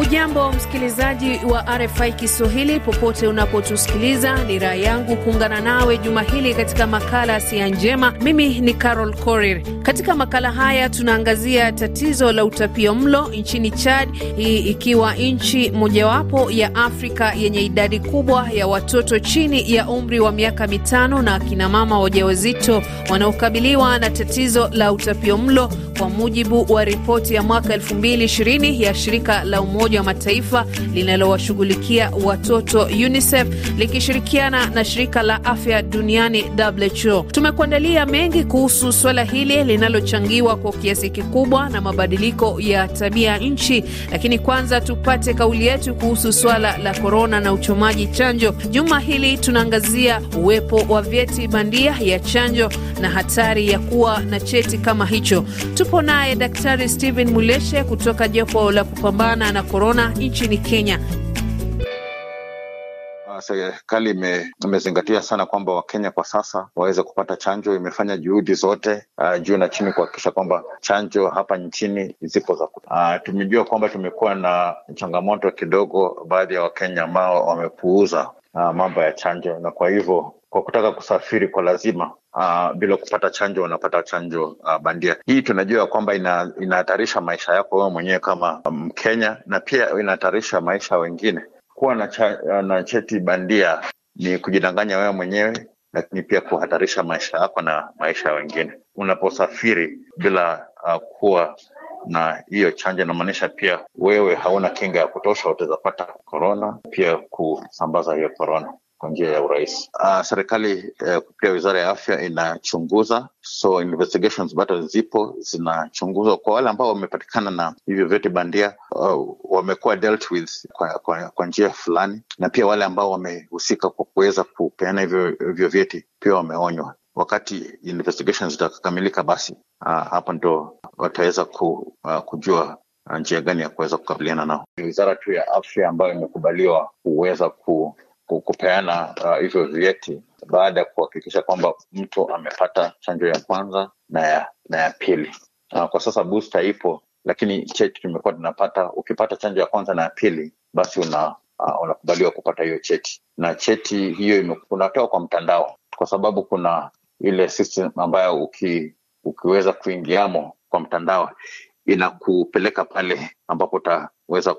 Hujambo msikilizaji wa RFI Kiswahili popote unapotusikiliza, ni raha yangu kuungana nawe juma hili katika makala ya Siha Njema. Mimi ni Carol Korir. Katika makala haya tunaangazia tatizo la utapio mlo nchini Chad, hii ikiwa nchi mojawapo ya Afrika yenye idadi kubwa ya watoto chini ya umri wa miaka mitano na akinamama wajawazito wanaokabiliwa na tatizo la utapio mlo, kwa mujibu wa ripoti ya mwaka 2020 ya shirika la Umoja Umoja wa Mataifa linalowashughulikia watoto UNICEF likishirikiana na shirika la afya duniani WHO. Tumekuandalia mengi kuhusu swala hili linalochangiwa kwa kiasi kikubwa na mabadiliko ya tabia nchi, lakini kwanza tupate kauli yetu kuhusu swala la korona na uchomaji chanjo. Juma hili tunaangazia uwepo wa vyeti bandia ya chanjo na hatari ya kuwa na cheti kama hicho. Tupo naye Daktari stehen Muleshe kutoka jopo la kupambana na korona korona nchini Kenya. Ah, serikali imezingatia sana kwamba Wakenya kwa sasa waweze kupata chanjo. Imefanya juhudi zote uh, juu na chini kuhakikisha kwamba chanjo hapa nchini zipo za kutosha. Uh, tumejua kwamba tumekuwa na changamoto kidogo, baadhi ya Wakenya ambao wamepuuza uh, mambo ya chanjo, na kwa hivyo kwa kutaka kusafiri kwa lazima uh, bila kupata chanjo wanapata chanjo uh, bandia. Hii tunajua kwamba ina, inahatarisha maisha yako wewe mwenyewe kama Mkenya um, na pia inahatarisha maisha wengine. Kuwa na, cha, na cheti bandia ni kujidanganya wewe mwenyewe, lakini pia kuhatarisha maisha yako na maisha ya wengine unaposafiri bila uh, kuwa na hiyo chanjo inamaanisha pia wewe hauna kinga ya kutosha, utaweza pata korona, pia kusambaza hiyo korona kwa njia ya urahisi. Uh, serikali uh, kupitia wizara ya afya inachunguza, so investigations bado zipo zinachunguzwa. Kwa wale ambao wamepatikana na hivyo vyeti bandia uh, wamekuwa dealt with kwa, kwa, kwa njia fulani, na pia wale ambao wamehusika kwa kuweza kupeana hivyo, hivyo vyeti pia wameonywa. Wakati investigations zitakamilika, basi ah, hapa uh, ndo wataweza ku, uh, kujua njia gani ya kuweza kukabiliana nao. wizara tu ya afya ambayo imekubaliwa kuweza ku kupeana uh, hivyo uh, vyeti baada ya kuhakikisha kwamba mtu amepata chanjo ya kwanza na ya, na ya pili. Uh, kwa sasa booster ipo, lakini cheti tumekuwa tunapata, ukipata chanjo ya kwanza na ya pili basi una uh, unakubaliwa kupata hiyo cheti, na cheti hiyo unatoa kwa mtandao, kwa sababu kuna ile system ambayo uki, ukiweza kuingiamo kwa mtandao inakupeleka pale ambapo utaweza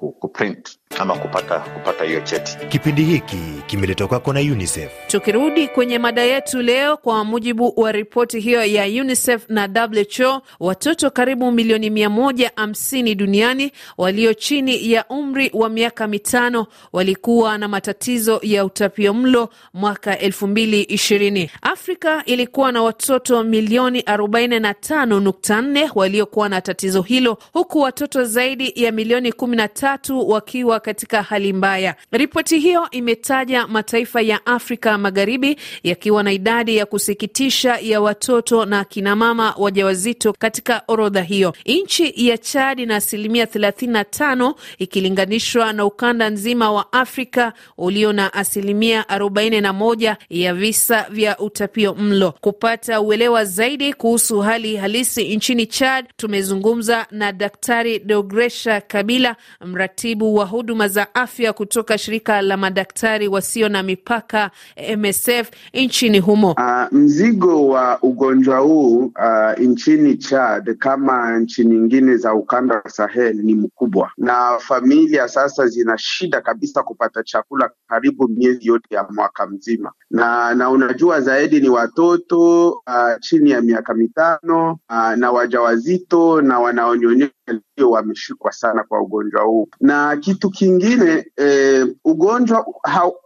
kuprint ama kupata kupata hiyo cheti. Kipindi hiki kimeletwa kwako na UNICEF. Tukirudi kwenye mada yetu leo, kwa mujibu wa ripoti hiyo ya UNICEF na WHO, watoto karibu milioni 150 duniani walio chini ya umri wa miaka mitano walikuwa na matatizo ya utapio mlo mwaka 220 Afrika ilikuwa na watoto milioni 454 waliokuwa na tatizo hilo huku watoto zaidi ya milioni watatu wakiwa katika hali mbaya. Ripoti hiyo imetaja mataifa ya Afrika Magharibi yakiwa na idadi ya kusikitisha ya watoto na kinamama wajawazito katika orodha hiyo. Nchi ya Chad na asilimia 35 ikilinganishwa na ukanda nzima wa Afrika ulio na asilimia 41 ya visa vya utapio mlo. Kupata uelewa zaidi kuhusu hali halisi nchini Chad, tumezungumza na Daktari Deogresha Kabila, Mratibu wa huduma za afya kutoka shirika la madaktari wasio na mipaka MSF nchini humo. Uh, mzigo wa ugonjwa huu uh, nchini Chad kama nchi nyingine za ukanda wa Sahel ni mkubwa, na familia sasa zina shida kabisa kupata chakula karibu miezi yote ya mwaka mzima, na na unajua zaidi ni watoto uh, chini ya miaka mitano uh, na wajawazito na wanaonyonyesha ndio wameshikwa sana kwa ugonjwa huu. Na kitu kingine eh, ugonjwa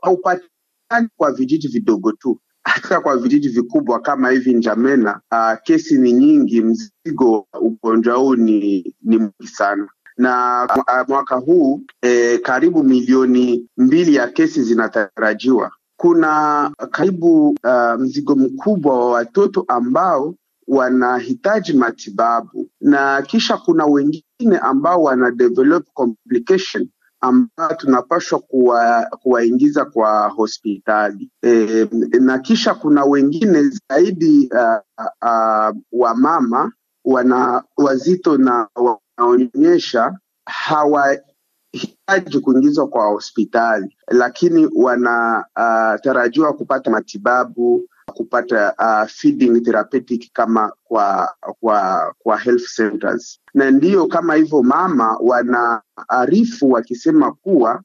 haupatikani kwa vijiji vidogo tu hata kwa vijiji vikubwa kama hivi Njamena, uh, kesi ni nyingi, mzigo wa ugonjwa huu ni, ni mwingi sana na uh, mwaka huu eh, karibu milioni mbili ya kesi zinatarajiwa. Kuna karibu uh, mzigo mkubwa wa watoto ambao wanahitaji matibabu, na kisha kuna wengine ambao wana develop complication ambayo tunapashwa kuwa, kuwaingiza kwa hospitali e, na kisha kuna wengine zaidi uh, ah, uh, ah, wamama wana wazito na wanaonyesha hawahitaji kuingizwa kwa hospitali, lakini wanatarajiwa uh, kupata matibabu kupata uh, feeding therapeutic kama kwa kwa kwa health centers, na ndiyo kama hivyo mama arifu wakisema kuwa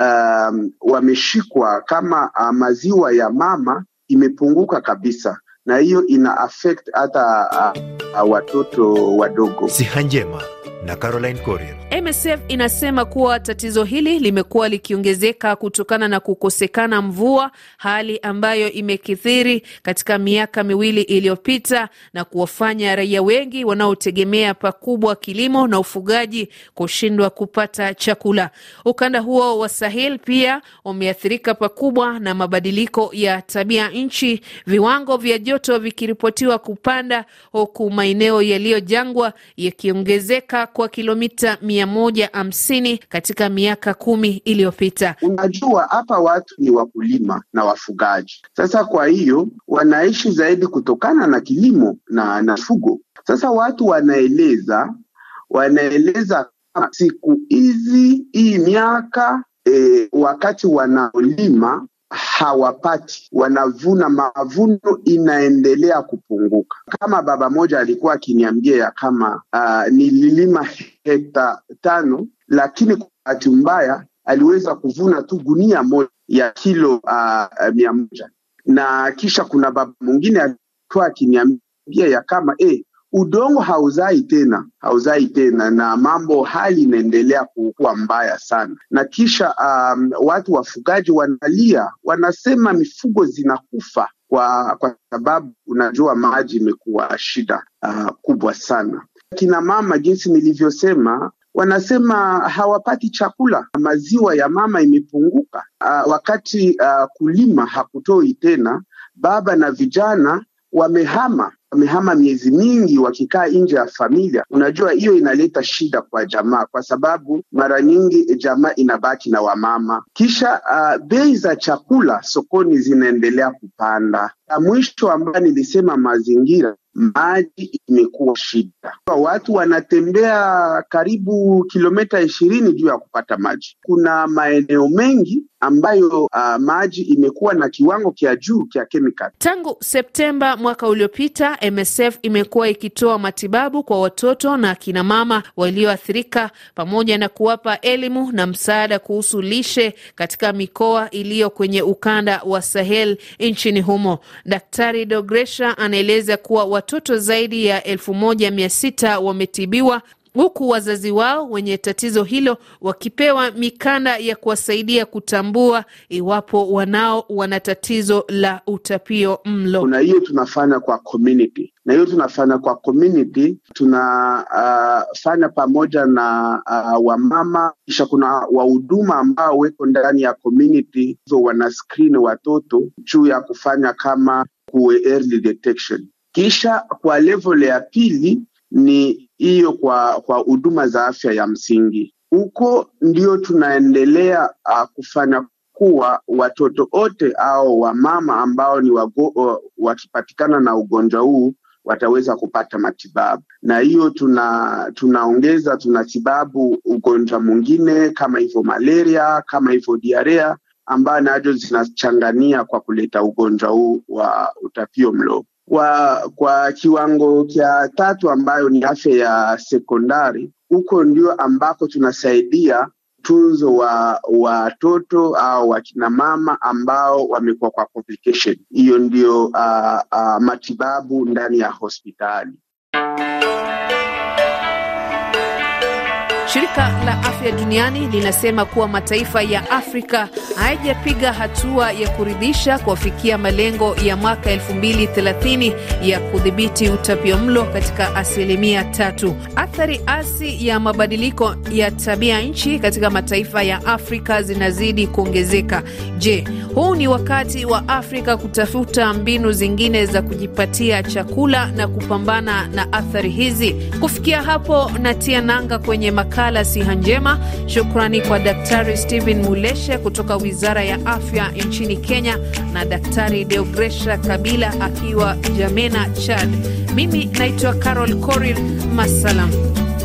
um, wameshikwa kama uh, maziwa ya mama imepunguka kabisa, na hiyo ina affect hata uh, watoto wadogo. Siha njema na Caroline Corrier. MSF inasema kuwa tatizo hili limekuwa likiongezeka kutokana na kukosekana mvua, hali ambayo imekithiri katika miaka miwili iliyopita na kuwafanya raia wengi wanaotegemea pakubwa kilimo na ufugaji kushindwa kupata chakula. Ukanda huo wa Sahel pia umeathirika pakubwa na mabadiliko ya tabia nchi, viwango vya joto vikiripotiwa kupanda huku maeneo yaliyojangwa yakiongezeka kwa kilomita mia moja hamsini katika miaka kumi iliyopita. Unajua, hapa watu ni wakulima na wafugaji. Sasa kwa hiyo wanaishi zaidi kutokana na kilimo na na fugo. Sasa watu wanaeleza wanaeleza siku hizi hii miaka e, wakati wanaolima hawapati, wanavuna mavuno inaendelea kupunguka. Kama baba moja alikuwa akiniambia ya kama uh, nililima hekta tano, lakini kwa bahati mbaya aliweza kuvuna tu gunia moja ya kilo uh, mia moja na kisha kuna baba mwingine alikuwa akiniambia ya kama eh, udongo hauzai tena, hauzai tena, na mambo, hali inaendelea kuwa mbaya sana. Na kisha um, watu wafugaji wanalia, wanasema mifugo zinakufa kwa kwa sababu unajua maji imekuwa shida uh, kubwa sana. Kina mama, jinsi nilivyosema, wanasema hawapati chakula, maziwa ya mama imepunguka. Uh, wakati uh, kulima hakutoi tena, baba na vijana wamehama wamehama miezi mingi wakikaa nje ya familia, unajua hiyo inaleta shida kwa jamaa, kwa sababu mara nyingi jamaa inabaki na wamama. Kisha uh, bei za chakula sokoni zinaendelea kupanda. na mwisho ambayo nilisema mazingira maji imekuwa shida, watu wanatembea karibu kilomita ishirini juu ya kupata maji. Kuna maeneo mengi ambayo uh, maji imekuwa na kiwango kya juu kya kemikali. Tangu Septemba mwaka uliopita, MSF imekuwa ikitoa matibabu kwa watoto na akina mama walioathirika pamoja na kuwapa elimu na msaada kuhusu lishe katika mikoa iliyo kwenye ukanda wa Sahel nchini humo. Daktari Dogresha anaeleza kuwa watoto zaidi ya elfu moja mia sita wametibiwa huku wazazi wao wenye tatizo hilo wakipewa mikanda ya kuwasaidia kutambua iwapo wanao wana tatizo la utapio mlo. Kuna hiyo tunafanya kwa community, na hiyo tunafanya kwa community tunafanya ah, uh, pamoja na uh, wamama, kisha kuna wahuduma ambao weko ndani ya community hizo, wana screen watoto juu ya kufanya kama kuwe early detection. Kisha kwa level ya pili ni hiyo kwa kwa huduma za afya ya msingi. Huko ndio tunaendelea uh, kufanya kuwa watoto wote au wamama ambao ni wago, wakipatikana na ugonjwa huu wataweza kupata matibabu na hiyo tuna tunaongeza tunatibabu ugonjwa mwingine kama hivyo malaria kama hivyo diarea ambayo nazo zinachangania kwa kuleta ugonjwa huu wa utapio mlo kwa, kwa kiwango cha tatu ambayo ni afya ya sekondari. Huko ndio ambako tunasaidia tunzo wa watoto au wakinamama ambao wamekuwa kwa complication. Hiyo ndio uh, uh, matibabu ndani ya hospitali. Shirika la Afya Duniani linasema kuwa mataifa ya Afrika hayajapiga hatua ya kuridhisha kuwafikia malengo ya mwaka 2030 ya kudhibiti utapiamlo katika asilimia tatu. Athari asi ya mabadiliko ya tabia nchi katika mataifa ya Afrika zinazidi kuongezeka. Je, huu ni wakati wa Afrika kutafuta mbinu zingine za kujipatia chakula na kupambana na athari hizi? Kufikia hapo natia nanga kwenye makala makala Siha Njema. Shukrani kwa Daktari Stephen Muleshe kutoka Wizara ya Afya nchini Kenya na Daktari Deogresha Kabila akiwa Jamena, Chad. Mimi naitwa Carol Korir, masalam.